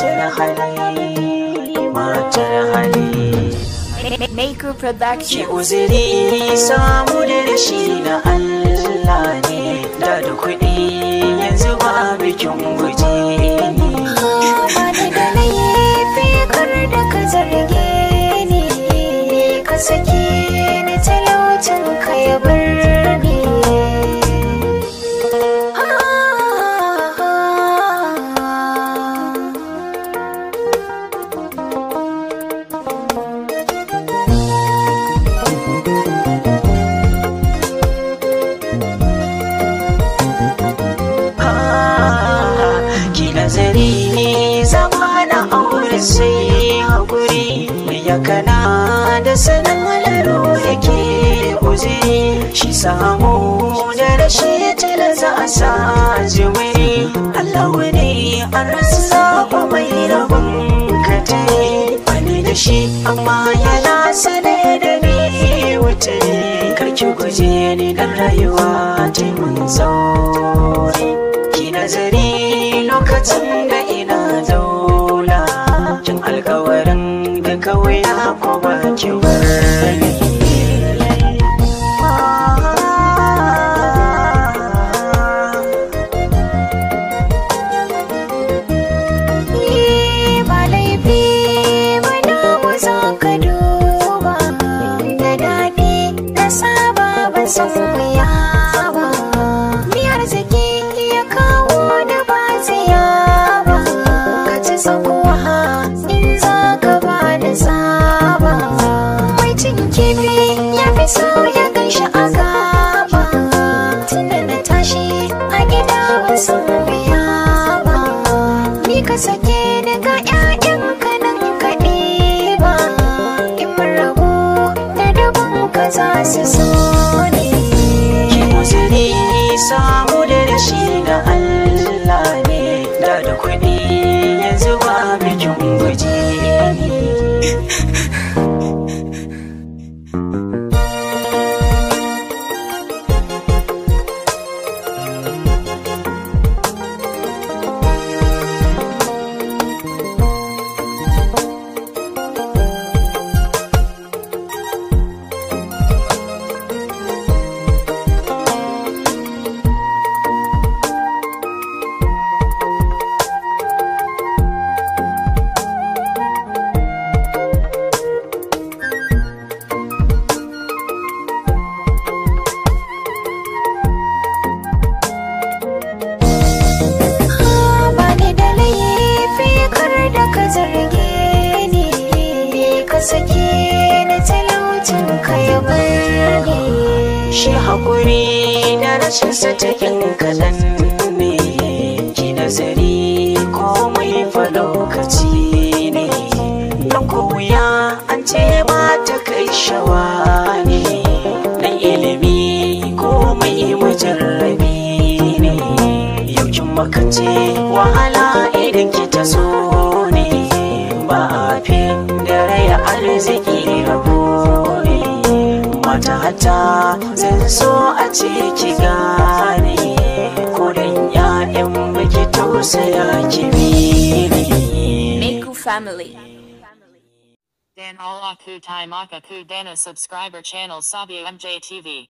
matar hali matar hali Maker Production samu da rashi na sai haƙuri ya kana da sanin malaro yake uziri shi samu da rashi tala za a sa jiwiri Allah wani an rasu zaɓa mai rabin katai wani da shi amma yana sanar da ni wuce karki guje ni dan rayuwa kawai na ko ba cewa. bar soya ya kai a gaba tunda na a gida ban san ni ka daga yayan ka nan kaɗe ba in da rabon ka su so ne ki musani samu da rashi ga Allah ne da da kuɗi yanzu ba bikin gwaje ne shi haƙuri da rashin sa takin ne ki nazari ko fa lokaci ne don ko wuya an ce ba ta kai shawa ne dan ilimi ko mai mujarrabi ne yau kin makance wahala idan ki ta so ne ba a fi da raya arziki ta zan so a ciki ki gane kurin ya'yan miki tausaya ki Miku family Dan Allah ku taimaka ku dana subscriber channel Sabi MJ TV